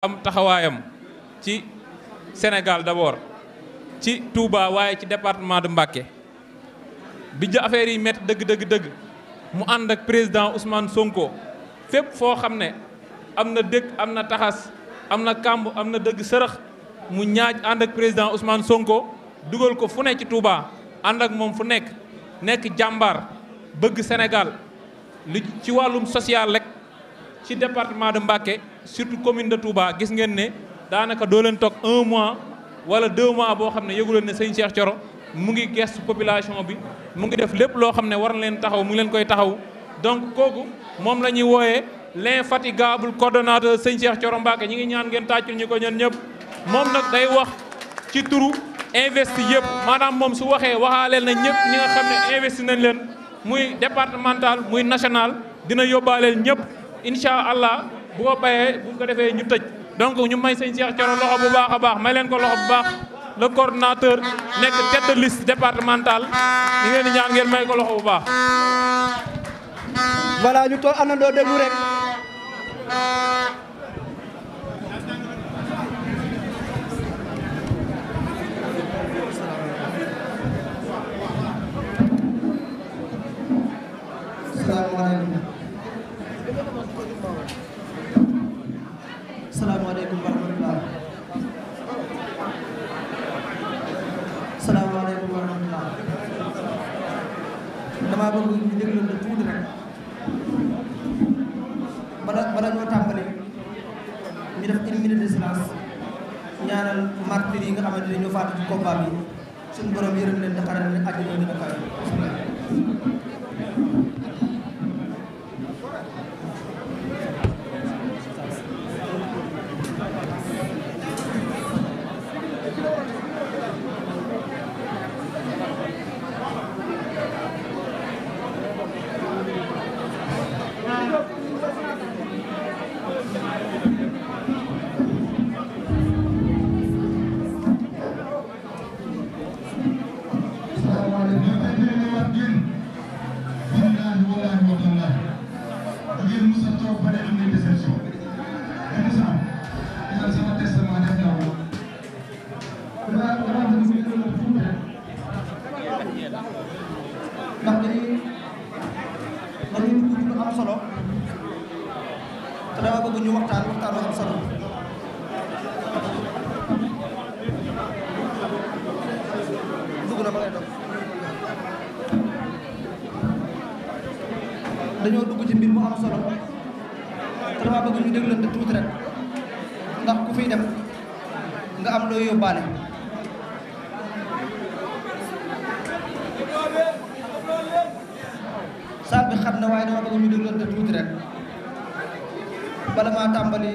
am taxawaayam ci Sénégal d'abord ci Touba waaye ci département de Mbacké bi ja affaire yi métti dëgg dëgg dëgg mu ànd ak président Ousmane Sonko fépp foo xam ne am na dëkk am na taxas am na kàmb am na dëgg sërëx mu ñaaj ànd ak président Ousmane Sonko dugal ko fu ne ci Touba ànd ak moom fu nekk nekk jàmbaar bëgg Sénégal li ci wàllum social rek. ci département de Mbacké surtout commune de Touba gis ngeen ne daanaka doo leen toog un mois wala deux mois boo xam ne yëgu leen ne sëñ Cheikh Thioro mu ngi gestu population bi mu ngi def lépp loo xam ne war a leen taxaw mu ngi leen koy taxaw donc kooku moom la ñuy wooyee l'infatigable coordonnateur sëñ Cheikh Thioro Mbacké ñi ngi ñaan ngeen tàccul ñu ko ñun ñëpp moom nag day wax ci turu investi yëpp maanaam moom su waxee waxaaleel na ñëpp ñi nga xam ne investi nañ leen muy départemental muy national dina yóbbaaleel ñëpp incha allah bu ko bayee bu ko defee ñu tëj donc ñu may sëñ Cheikh Thioro loxo bu baax a baax may leen ko loxo bu baax le coordonnateur nekk tête de liste départementale ngeen ñaan ngeen may ko loxo bu baax. voilà ñu toog àndandoo déglu rek. salaamaaleykum wa rahmatulah. salaamaaleykum wa rahmatulah. damaa bëgg ñu déglu na tuuti rek. bala bala ñoo tàmbali. ñu def une minute de silence. ñaanal nga xamante ne ñoo faatu ci combat bi. suñu borom yërëm leen taxaral ne àjjana dina kawe. ñu déglante tuuti rek ndax ku fiy dem nga am loo yóbbaale saal bi xam na waaye dama bëgg ñu déglante tuuti rek bala maa tàmbali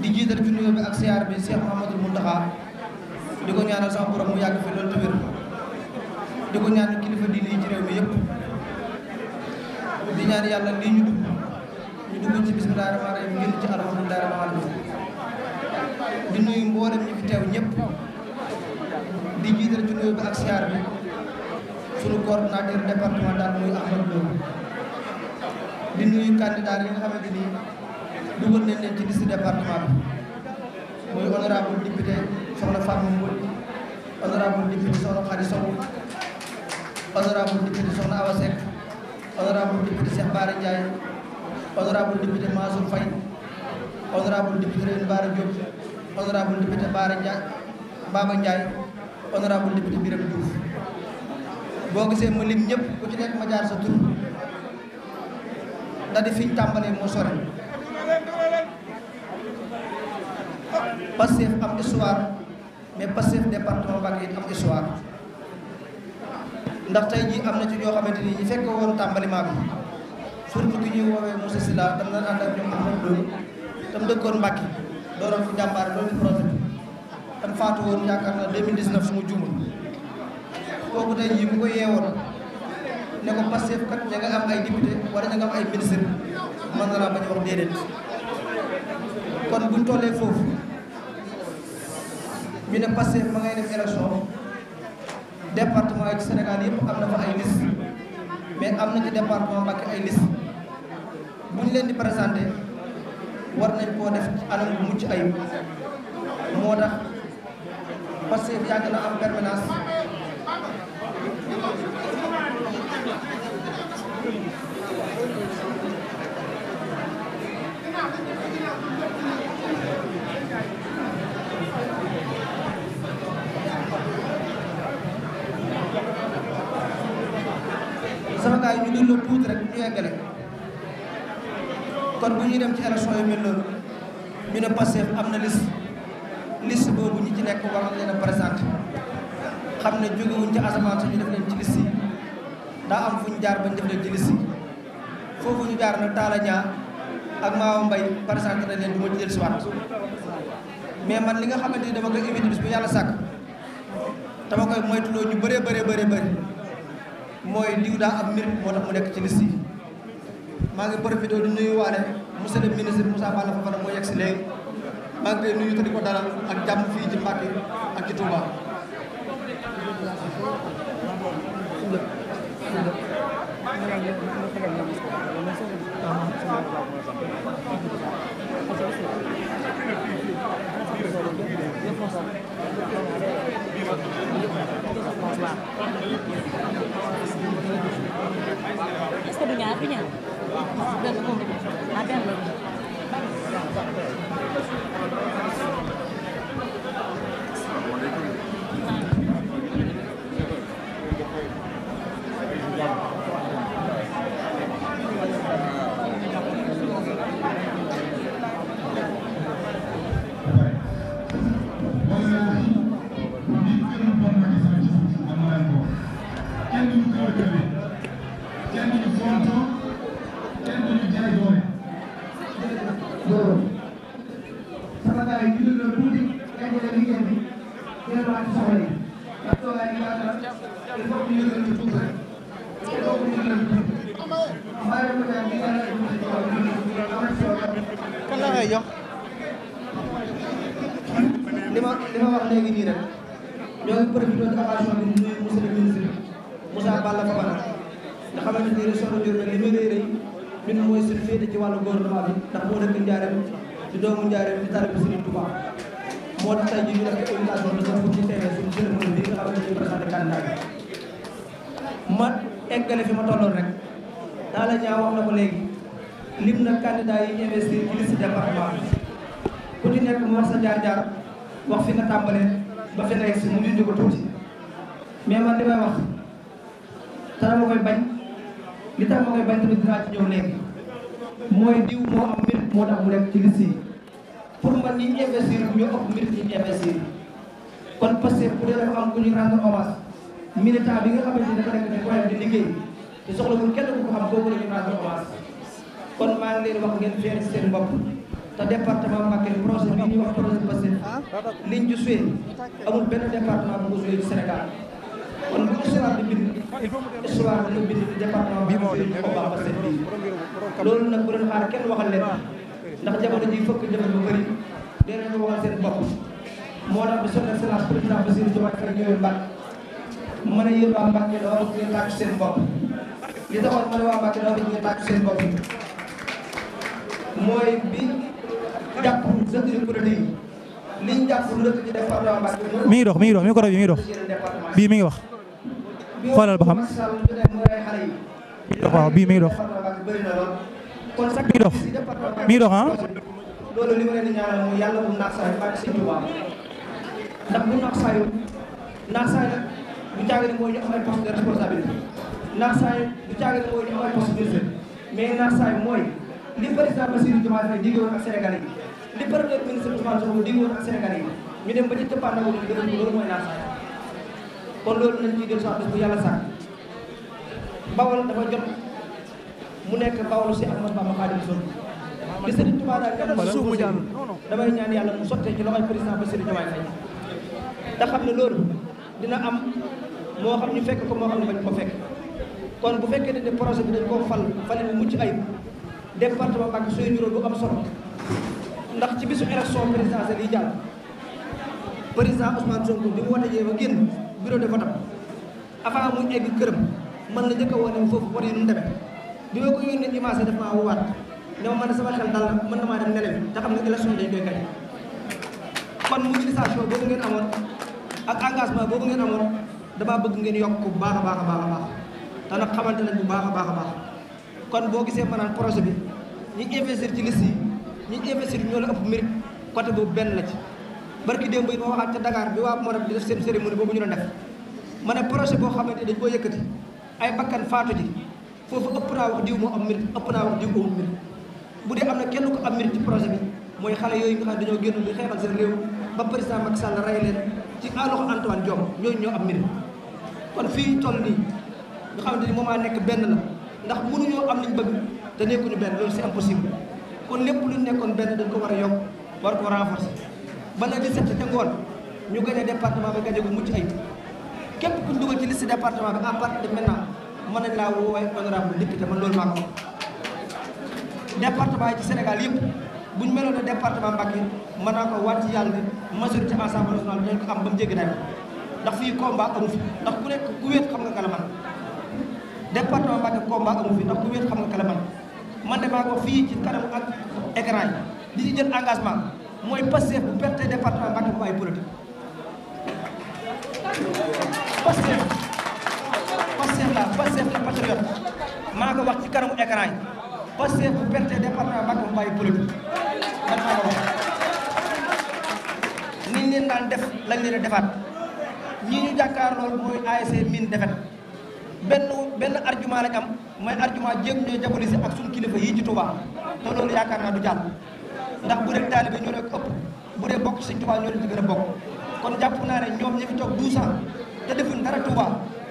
di jiital ci nuyoo ak siyaar bi Cheikh Mouhamadou Mountakha di ko ñaanal sama borom mu yàgg fi loolu te wér di kilifa diine yi ci yëpp di ñaan yàlla lii dugg ci bismillahi rahmaani rahim génn ci alhamdulillahi rahmaani rahim di nuyu mboolem ñu fi teew ñëpp di jiital ci nuyu bi ak siyaar bi sunu coordonnateur départemental muy Ahmed Lo di nuyu candidat yi nga xamante ni dugal nañ leen ci liste département bi muy honorable député soxna Fatma Mbodj honorable député soxna Khady Sow honorable député soxna Awa Seck honorable député Cheikh Bara Ndiaye honorable député Mansour Faye honorable député Ren Bara Diop honorable député Bara Ndiaye Baba Ndiaye honorable député Birame Diouf boo gisee ma lim ñëpp ku ci nekk ma jaar sa tur da di fiñ tàmbalee moo sore Pastef am histoire mais Pastef département Mbacké it am histoire ndax tey jii am na ci xamante ni ñi fekk woon tàmbali maa bi surtout ki ñuy dam na ànd ak ñoom Ahmed Lo na 2019 su ma juumul kooku tey jii bu ko ay député wala ña am ay ministre mën na laa a wax déedéet kon buñ tollee foofu ñu ne Pastef ma ngay def élection département yi Sénégal yëpp am na fa ay liste mais am na ci département Mbacke ay liste leen di présenté war nañ koo def ci anam bu mucc ayib moo tax parce que yàgg na am permanence sama gars yi ñu dul la tuuti rek ñu eggale kon bu ñuy dem ci élection yu mel noonu ñu ne Pastef am na liste liste boobu ñi ci nekk war nañ leen a présenté xam ne jógewuñ ci asamaan su ñu def leen ci liste yi daa am fu ñu jaar bañ def leen ci liste yi foofu ñu jaar nag Talla ñaar ak Maawa Mbaye présenté nañ leen du ma ci jël si waat mais man li nga xamante ni dama koy éviter bis bu yàlla sàkk dama koy moytuloo ñu bëree bëree bëree bëri mooy diw daa am mérite moo tax mu nekk ci liste yi maa ngi profité di nuyu waale monsieur le ministre Moussa Balla Fofana moo yegg si maa ngi koy nuyu te ko dalal ak jàmm fii ci Mbacké ak ci benn benn ñun mooy suñu féete ci wàllu gouvernement bi ndax moo dëkk Njaareem di doomu Njaareem di taalibu Sëriñ Tuubaa moo tax tey ma eggale fi tolloon rek daa la ñaa wax na ko léegi lim na candidat yi investir ci liste département ku ci nekk mu wax sa jaar-jaar wax fi nga tàmbalee ba fi nga si mu dindi ko tuuti mais man li may wax te dama koy bañ li tax ma koy bañ tamit dinaa ci ñëw léegi mooy diw moo am mérite moo tax mu nekk ci liste yi pour man ñi investir ñoo ëpp mérite ñi investir kon parce que bu dee dafa am ku ñu rendre bi nga xamante ni dafa nekk di koy kenn ku ko xam kooku la ñu rendre hommage kon maa ngi leen wax ngeen feer seen bopp te département Mbacké projet bii ñuy wax projet Pastef liñ ci suy amul benn département bu ko suyee Sénégal kon bu ko suyee di bind histoire de bi département bi moo doon ko baax seen bi loolu nag bu doon xaar kenn waxal leen ndax jamono ji fëkk jafe bu bëri dinañ ko waxal seen bopp moo tax bi son excellence président Bassirou Diomaye Faye ñëwee Mbacke ma ne yéen waa Mbacke da war a ngeen tàcc seen bopp li taxoon ma ne waa Mbacke da war a ngeen tàcc seen bopp mooy bi jàpp jëkkëri produit liñ jàpp lu dëkk ci département Mbacke mi ngi dox mi ngi dox mi ngi ko rajo mi ngi dox bii mi ngi wax xoolal ba xam dox waaw bii mi ngi dox mi dox mi ngi dox ah loolu li ma leen di ñaanal mooy yàlla bu naax saay baax sëñ Tuubaa ndax bu naax saay naax saay nag du caagale mooy ñu am ay poste de responsabilité naax saay du caagale mooy ñu am ay poste de mais naax saay mooy li président Bassirou Diomaye Faye digé woon ak Sénégalais yi li premier ministre Ousmane Sonko digé woon ak Sénégalais yi ñu dem ba ci cëppaandaw bi loolu mooy naax saay kon loolu nañ ciy dellu si bis bu yàlla sàkk bawal dafa jot mu nekk bawalu si Ahmad Bamba Xaadimu Rasuul li Serigne Touba daal gànnaaw si suuf mu jàll damay ñaan yàlla mu sottee ci loxoy président Bassirou Diomaye Faye te xam ne loolu dina am moo xam ñu fekk ko moo xam ne bañ ko fekk kon bu fekkee ne projet bi dañ koo fal fale bu mucc ayib département Mbacké suy niroo du am solo ndax ci bisu élection présidentielle yi jàll président Ousmane Sonko bi mu wootee ba génn bureau de vote avant muy egg këram man la njëkk a wane foofu wane nu mu demee bi ma ko yónnee image daf maa woowaat ne ma man sama xel dal na mën na maa dem nelew te xam nga élection dañ koy gañ kon mobilisation boobu ngeen amoon ak engagement boobu ngeen amoon damaa bëgg ngeen yokk bu baax a baax a baax a baax te nag bu baax a baax a baax kon boo gisee maanaam projet bi ñi investir ci liste yi ñi investir ñoo la ëpp mérite côté boobu benn la ci barki démb it ma waxaat ca Dakar bi waa Morab di def seen cérémonie boobu ñu doon def ma projet boo xamante dañ koo yëkkati ay bakkan faatu ji foofu ëpp naa wax diw moo am mérite ëpp naa wax diw na kenn ko am mérite ci projet yooyu nga xam dañoo génn di xeexal seen réew ba président Macky Sall rey leen ci aloxo Antoine Diome ñooñu ñoo am mérite kon fii toll ni moom a nekk benn la ndax mënuñoo am liñ bëgg te nekkuñu benn loolu c'est impossible kon lépp lu nekkoon benn dañ ko war a yokk war ko renforcer ba le 17 te ngoon ñu gagné département bi gagné bu mucc ayib képp ku ñu dugal ci liste département bi a partie de maintenant mën nañ laa woowee honorable député man loolu maa ko département yi ci Sénégal yëpp bu ñu meloon ne département Mbacké mën naa ko waat ci yàlla ne majorité ensemble national dinañ ko am ba mu jéggi dayo ndax fii combat amu fi ndax ku nekk ku wéet xam nga kala man département Mbacké combat amu fi ndax ku wéet xam nga kala man man de fii ci kanam ak écran mooy Pastef bu perte département Mbacké bu bàyyi politique Pastef Pastef la Pastef la patriote maa ko bu perte département Mbacké bu bàyyi politique man maa leen daan def lañ leen a defaat ñi ñu jàkkaar loolu mooy ASC mine defet benn benn argument lañ am mooy argument jéem ñooy diaboliser ak suñu kilifa yii ci Touba te loolu yaakaar naa du jàll ndax bu dee taalibe ñoo leen ëpp bu dee bokk Sëñ Tuubaa ñoo leen di gën a bokk kon jàpp naa ne ñoom ñu fi toog 12 ans te defuñ dara Touba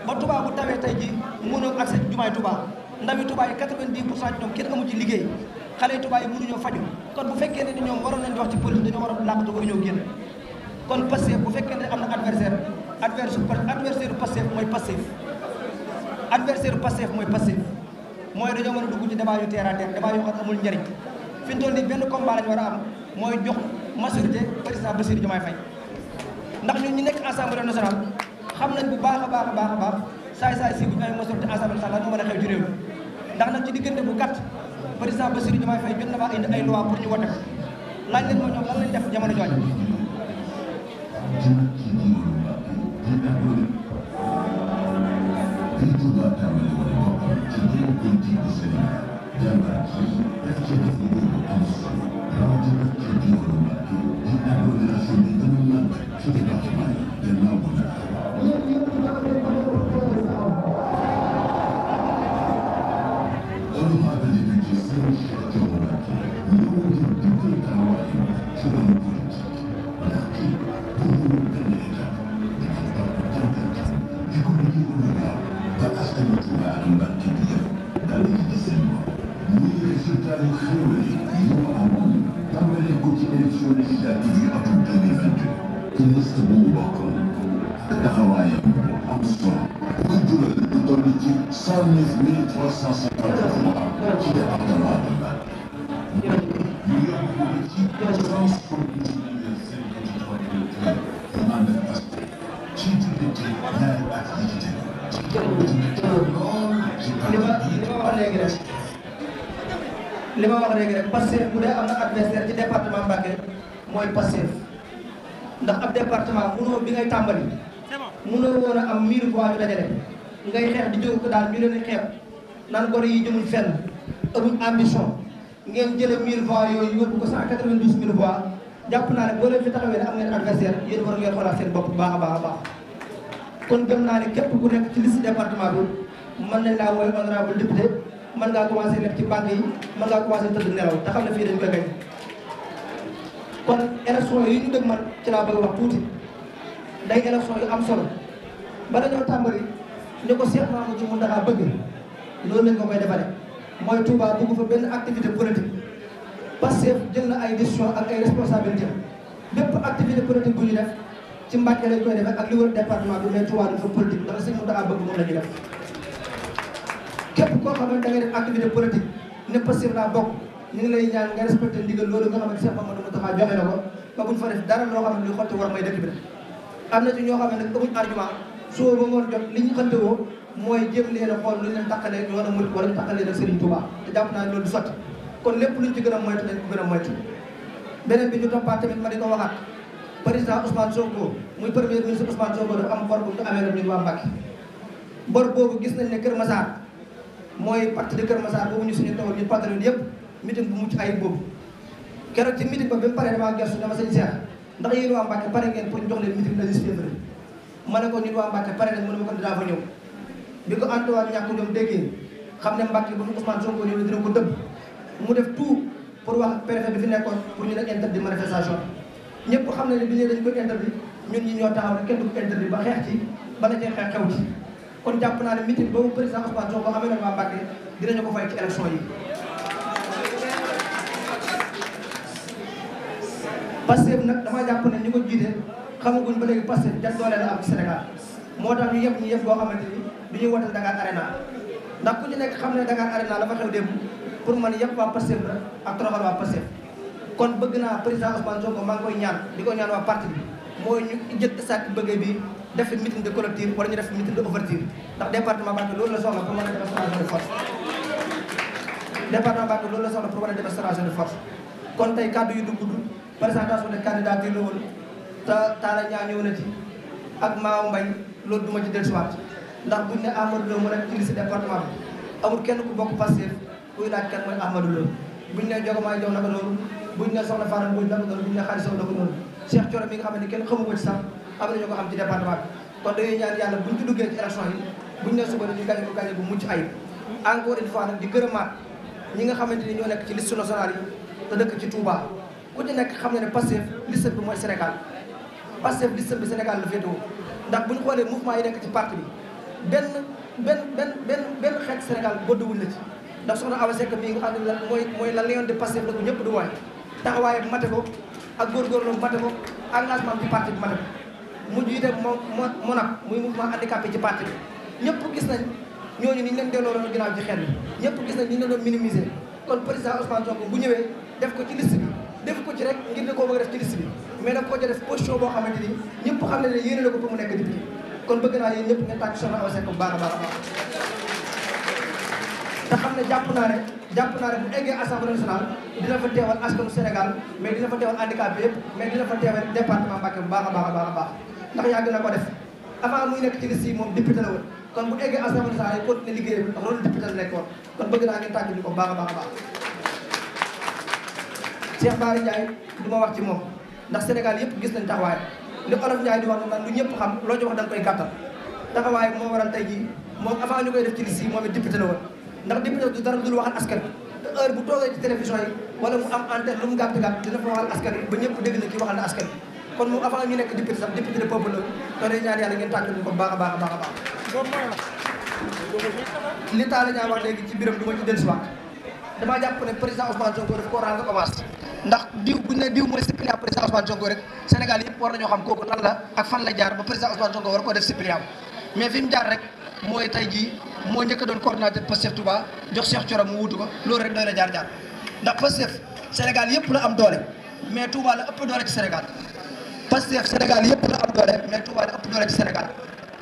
ba Touba bu tawee tey ji mënoo accès jumaay Touba ndawi pour cent ñoom kenn amu ci liggéey xale yi Touba yi mënuñoo faju kon bu fekkee ne ñoom waroon nañ wax ci politique dañoo war a làqatu ba ñëw génn kon Pastef bu fekkee ne am na adversaire adversaire Pastef mooy Pastef adversaire Pastef mooy Pastef mooy dañoo mën a dugg ci débat yu terre à terre débat yoo fi ñu toll benn combat lañu war a am mooy jox majorité président Bassirou Diomaye Faye ndax ñun ñu nekk assemblée nationale xam nañ bu baax a baax a baax a baax saay saay si bu ñu amee majorité assemblée nationale mu mën a xew ci mi ndax nag ci diggante bu gàtt président Bassirou Diomaye Faye jot na faa indi ay loi pour ñu wote ko laaj leen ma ñoom lan lañ def jamono jooju Thank you. di ci soixante mille trois cent cinquante ci département bi ñu yóbbu ci cent soixante mille cinquante trois mille trois ci mooy Pastef ndax ab département mënoo bi ngay tàmbali mënoo woon a am mille voix ñu ngay xeex di jóg ko daal ñu xeex naan gone yi jëmuñ fenn amuñ ambition ngeen jëlee 1000 voix yooyu yóbbu ko 192000 voix jàpp naa ne boo leen fi taxawee ne am ngeen adversaire yéen war ngeen xoolaat bopp baax baax baax kon gëm naa ne képp ku nekk ci liste département bi mën nañ laa wooy honorable député mën ngaa commencé nekk ci banque yi mën ngaa commencé tëdd nelaw te ne fii dañ ko gañ kon élection yi ñu dëgg man ci laa bëgg wax tuuti day élection yu am solo ba dañoo ni ko Cheikh Mamadou Diouf Mountakha bëgg loolu lañ ko koy defale mooy Touba bëgg fa benn activité politique Pastef jël na ay décision ak ay responsabilité lépp activité politique bu ñu def ci Mbàkke lañ koy defee ak li wër département bi mais Touba du fa politique ndax Cheikh Mountakha bëgg moom na ñuy képp koo xam ne da ngay activité politique ne Pastef laa bokk ñu ngi lay ñaan nga respecté loolu nga xam ne Cheikh xotti war may dëkk bi am na ci ñoo xam soo ba ngoon jot li ñu xante woo mooy jéem leen a xool lu ñu leen taqalee yoonu murit wala ñu taqalee ak Serigne Touba te jàpp naa loolu du sotti kon lépp luñ bi ñu toppaat tamit ma di ko waxaat dafa am bor bu ñu amee rek ñun waa Mbacke bor boobu gis nañ ne Kër Massar mooy parti de Kër Massar boobu ñu suñu tawal ñu patriote yëpp meeting bu mucc ayib boobu keroog ci meeting ba bi mu paree damaa gëstu dama sëñ ndax yéen waa Mbacke pare ngeen pour ñu jox leen meeting ma ne ko nit waa Mbacke pare nañ mu ne ma ko dinaa fa ñëw bi ko Antoine ñàkk jom déggee xam ne Mbacke bu ñu Ousmane Sonko ñëwee dina ko mu def tout pour wax préfet bi fi nekkoon pour ñu ne interdit manifestation ñëpp xam ne ne bi ñu ñi ñoo taxaw ne kenn du ko ba xeex kon jàpp naa ne meeting boobu président Ousmane Sonko amee na waa Mbacke dinañu ko fay ci élection yi parce que nag dama jàpp ne ñu ko jiite xamaguñ ba léegi Pastef jan doole la am ci Sénégal moo tax ñu yëpp ñu yëpp boo xamante ni bi ñuy wotal Arena ndax ku ci nekk xam ne Dakar Arena la fa xew démb pour man yëpp waa Pastef la ak toroxal waa Pastef kon bëgg naa président Ousmane Sonko maa ngi koy ñaan di ko ñaan waa parti bi mooy ñu jël sac bëggee bi def meeting de clôture wala ñu def de ouverture ndax département Mbacké loolu la soxla pour mën a démonstration de pour mën a démonstration de force kon tey kaddu yu du gudd présentation de candidature la woon ta taala ñaa ñëw na ci ak maaw mbañ loolu duma ci dellusiwaat ndax buñ ne Amadou Lo mën a indi si département kenn ku bokk Pastef kuy laaj kan mooy Amadou Lo buñ ne Jogomaay Jow kenn xamu ko ci am na ñu ko xam ci département bi kon dañuy ñi nga xamante ni ñoo nekk ci list nationale yi te dëkk ci Touba ku ci nekk xam ne ne Pastef liste bi mooy Sénégal Pastef liste bi Sénégal la féetewoo ndax bu ñu xoolee mouvement yi nekk ci parti bi benn benn benn benn benn xeet Sénégal ndax soxna Awa Seck bii nga xam ne la mooy mooy la léon de Pastef la ko ñëpp du waaye taxawaay mate ko ak góorgóorlu mate ko engagement bi parti bi mate ko mujj itam moo moo monap muy mouvement handicapé ci parti bi ñëpp gis nañ ñooñu ni ñu leen delloo loon ginnaaw ci xel bi ñëpp gis nañ ñu leen doon minimiser kon président Ousmane Sonko bu ñëwee ko bi def ko ci rek ngir da koo bëgg def ci liste bi mais da koo ci def boo xamante ni xam ne ne yéene na ko pour mu nekk député kon bëgg naa yéen ñëpp ngeen tàcc soxna Awa Seck a xam ne jàpp naa ne jàpp naa ne bu eggee assemblée nationale dina fa teewal askanu Sénégal mais dina fa teewal handicap bi yëpp baax a baax a baax a baax ndax yàgg na ko def avant muy nekk ci liste yi moom député la woon kon bu eggee assemblée nationale yi continuer liggéey bi ndax loolu député nekkoon kon bëgg naa ne tàcc ñu ko baax baax baax Cheikh Bara Ndiaye du ma wax ci moom ndax Sénégal yëpp gis nañ taxawaay li Olof Ndiaye di wax naan lu ñëpp xam loo ci wax da nga koy gàttal taxawaay moo waral tey jii moom avant ñu koy ci moom it député woon ndax député du dara dul waxal askan te heure yi wala mu am antenne lu mu gàtt ba ñëpp dégg na kii waxal kon moom avant ñu sax député de peuple la te day ñaan yàlla ngeen tàggatoo ko baax a baax a baax a baax li taala ñaa léegi ci biram du ma ci dellusiwaat damaa jàpp ne président Ousmane Sonko daf koo rendre hommage ndax diw bu ñu ne diw mooy suppléant président Ousmane Sonko rek Sénégal yëpp war nañoo xam kooku lan la ak fan la jaar ba président Ousmane Sonko war koo def suppléant mais fi mu jaar rek mooy tey jii moo njëkk a doon coordonnateur Pastef Touba jox Cheikh Thioro mu wutu ko loolu rek doy na jaar jaar ndax Pastef Sénégal yëpp la am doole mais Touba la ëpp doole ci Sénégal Pastef Sénégal yëpp la am doole mais Touba la ëpp doole ci Sénégal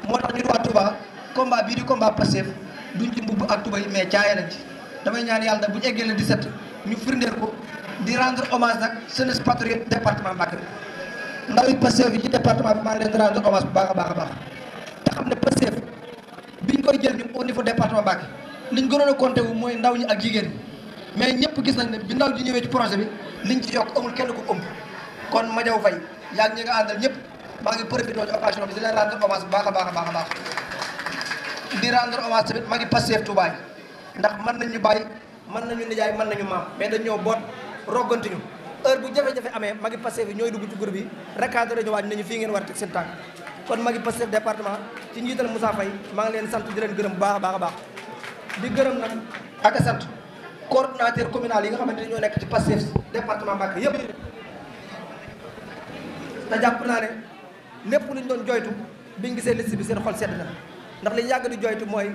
moo tax ñun waa Touba combat bii di combat Pastef duñ ci mbubb ak Touba yi mais caaya nañ ci damay ñaan yàlla bu ñu eggee le 17 ñu firndeel ko di rendre hommage nag jeunesse patriote département Mbacké ndaw yi Pastef yi ci département bi maa ngi leen rendre hommage bu baax a baax a baax te xam ne Pastef biñ koy jël ñun au niveau département Mbacké liñ gënoon a compté wu mooy ndaw ñi ak jigéen mais ñëpp gis nañ ne bi ndaw ji ñëwee ci projet bi liñ ci yokk amul kenn ko ëmb kon Madiaw Faye yaa ngi ñi nga àndal ñëpp maa ngi profité ci occasion bi di leen rendre hommage bu baax a a baax a di rendre hommage tamit maa ngi Pastef Touba yi ndax mën nañu bàyyi mën nañu nijaay man nañu maam mais dañoo boot roggantiñu heure bu jafe-jafe amee magi Pastef bi ñooy dugg ci groupe bi recadré ñëwaat nañu fii ngeen war a teg seen tànk kon magi Pastef département ci njiital Moussa Faye maa ngi leen sant di leen gërëm baax a baax a baax di gërëm nag ak sant coordonnateur communal yi nga xamante ne ñoo nekk ci Pastef département Mbacké yëpp te jàpp naa ne lépp luñ doon bi biñ gisee liste bi seen xol sedd na ndax liñ yàgg di joytu mooy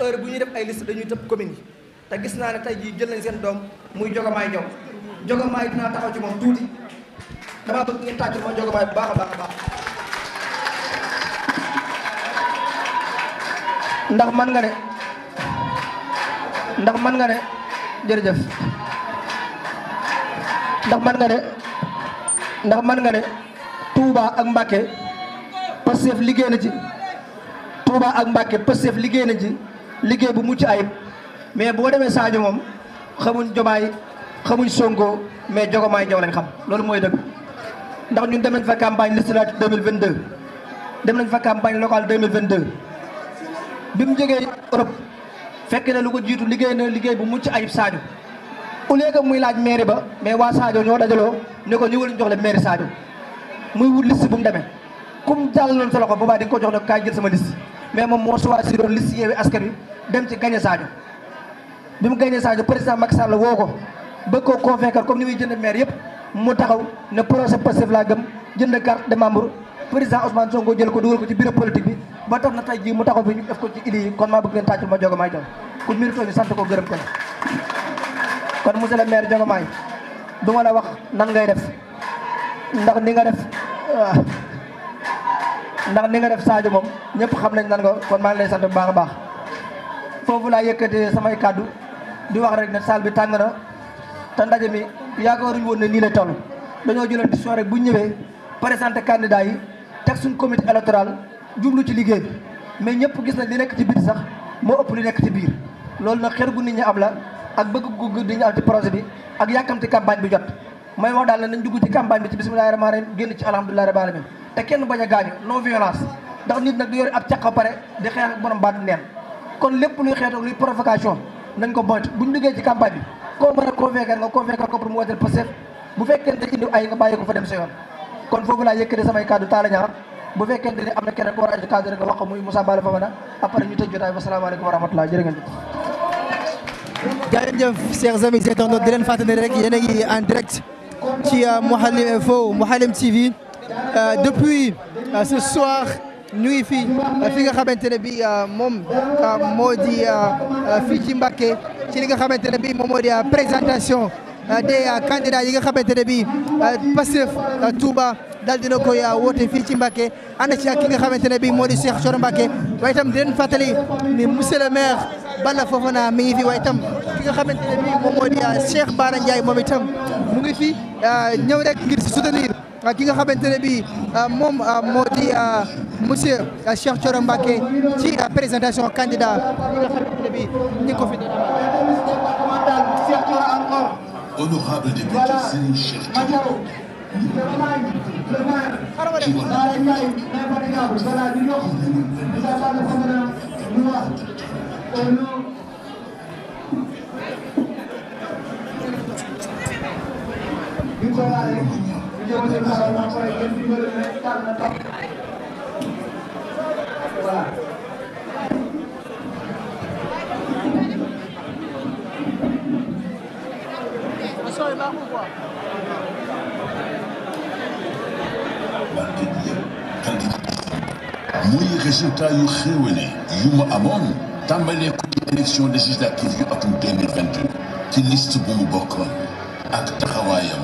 heure bu ñuy def ay liste dañuy tëb commune yi te gis naa ne tey jii jël nañ seen doom muy jogamaay jow jogamaay dinaa taxaw ci moom tuuti damaa bu baax a baax a baax ndax man nga ne ndax man nga ne jërëjëf ndax man nga ne ndax man nga ne Touba ak Mbacké Pastef liggéey na ci Touba ak Mbacké Pastef liggéey na ci liggéey bu mucc ayib mais boo demee Sadio moom xamuñ jomaay xamuñ Sonko mais jogomaay jow lañ xam loolu mooy dëgg ndax ñun dem nañ fa campagne législative 2022 dem nañ fa campagne locale 2022 bi mu jógee Europe fekk na lu ko jiitu liggéey na liggéey bu mucc ayib Sadio au lieu muy laaj mairie ba mais waa Sadio ñoo dajaloo ne ko ñëwal ñu jox la mairie Sadio muy wut liste bu mu demee comme jàll loon sa loxo boobaa di ko jox ne kaay jël sama liste mais moom moo choisiroon liste Yewwi Askan Wi dem ci gagné Sadio bi mu gagné Sadio président Macky Sall woo ko bëgg koo convaincre comme ni jënd maire yëpp mu taxaw ne projet Pastef laa gëm jënd carte de membre président Ousmane Sonko jël ko dugal ko ci bureau politique bi ba tax na tey jii mu taxaw bi def ko ci ili yi kon maa bëgg leen tàccul ma Jogomaay Diaw ku mérite ñu sant ko gërëm ko kon monsieur le maire Jogomaay du ma la wax nan ngay def ndax ni nga def ndax ni nga def Sadio moom ñëpp xam nañ nan nga kon maa ngi lay sant bu baax a baax foofu laa yëkkatee samay kàddu di wax rek ne salle bi tàng na te ndaje mi yaakaaruñu woon ne nii la toll dañoo jëloon décision rek bu ñëwee pare présenté candidat yi teg suñ comité électoral jublu ci liggéey bi mais ñëpp gis nañ li nekk ci biir sax moo ëpp lu nekk ci biir loolu nag xër gu nit ñi am la ak bëgg gu nit ñi am ci projet bi ak yàkkamti campagne bi jot may wax daal ne nañ dugg ci campagne bi ci bismillahi rahmaani rahim génn ci alhamdulillahi rabbil alamin te kenn bañ a gaañu non nga bàyyi ko fa dem sa yoon kon foofu laa yëkkati samay kàddu taala ñaar bu fekkente ne am na keneen ko war a rek nga wax ko muy Moussa Bala Fofana après ñu tëj jotaay ba salaamaaleykum wa rahmatulah jërë ngeen jëf. jaajëf chers amis internautes di leen fàttali rek yéen a en direct. ci Mouhalim Info Mouhalim TV euh, depuis euh, ce soir ñu ngi fii euh, fi nga xamante ne bi moom moo di fii ci Mbacké ci li nga xamante ne bi moom moo di présentation des candidats yi nga xamante ne bi Pastef Touba daal dina koy woote fii ci Mbacké ànd ci ak ki nga xamante ne bi moo di Cheikh Thioro Mbacké waaye itam di fàttali le maire Balla Fofana mi ngi fi itam nga xamante ne bii moom moo di ah, Cheikh Bara Ndiaye moom itam mu ngi fi ah, ñëw rek ngir soutenir ah, ki nga xamante ne bii moom moo di monsieur Cheikh Thioro Mbacké ci présentation candidat bi nga xamante ne bii ñu ko fi doon honorable député Serigne Cheikh Thioro Mbacké naa rek ñu jëmale si Moussa Ba pare ngeen dimbali ne tànn na topp voilà. muy résultat yu xéwale yu ma amoon tàmbalee ko élection législative yu atum 2022 ci liste bu mu bokkoon ak taxawaayam